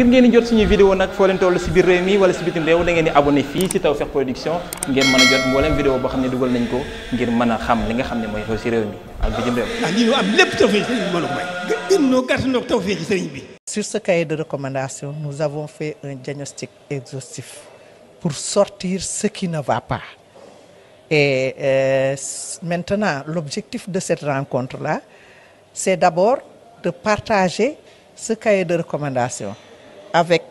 ngir ngeen di jot suñuy vidéo nag foo leen toll si biir réew mi wala si bitim réew da ngeen di abonné fii si Tawfekh Production ngeen mën a jot mboolem vidéo boo xam ne dugal nañ ko ngir mën a xam li nga xam ne mooy xew si réew mi ak ah, bi mën a may. gën noo gàtt noo Tawfekh sëriñ bi. Sur ce cahier de recommandation nous avons fait un diagnostic exhaustif pour sortir ce qui ne va pas et euh, maintenant l'objectif de cette rencontre là c'est d'abord de partager ce cahier de recommandation avec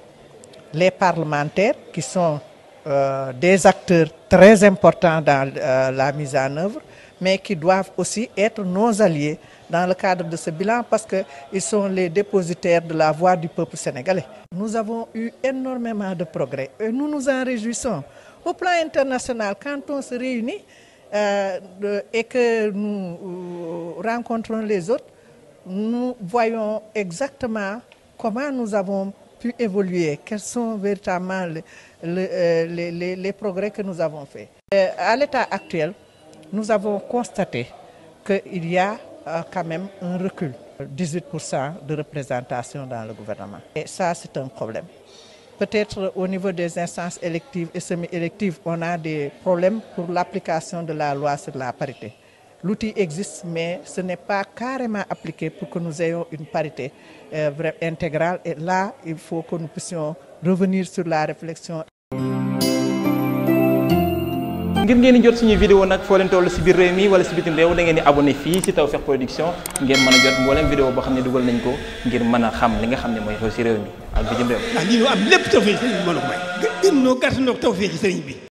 les parlementaires qui sont euh, des acteurs très importants dans euh, la mise en œuvre, mais qui doivent aussi être nos alliés dans le cadre de ce bilan parce qu'ils sont les dépositaires de la voix du peuple sénégalais. Nous avons eu énormément de progrès et nous nous en réjouissons. Au plan international, quand on se réunit euh, et que nous euh, rencontrons les autres, nous voyons exactement comment nous avons pu évoluer, quels sont véritablement le, le, euh, les, les, les, progrès que nous avons faits. Euh, à l'état actuel, nous avons constaté qu'il y a euh, quand même un recul, de représentation dans le gouvernement. Et ça, c'est un problème. Peut-être au niveau des instances électives et semi-électives, on a des problèmes pour l'application de la loi sur la parité. L'outil existe, mais ce n'est pas carrément appliqué pour que nous ayons une parité euh, intégrale. Et là, il faut que nous puissions revenir sur la réflexion. ngir ngeen di jot suñu vidéo nag foo leen toll si biir réew mi wala si bitim réew da ngeen di abonné fii si Tawfekh Production ngeen mën a jot mboolem vidéo boo xam ne dugal nañ ko ngir mën a xam li nga xam ne mooy xew si réew mi ak bitim réew. ndax ah, lii am lépp Tawfekh sëriñ bi mën bi.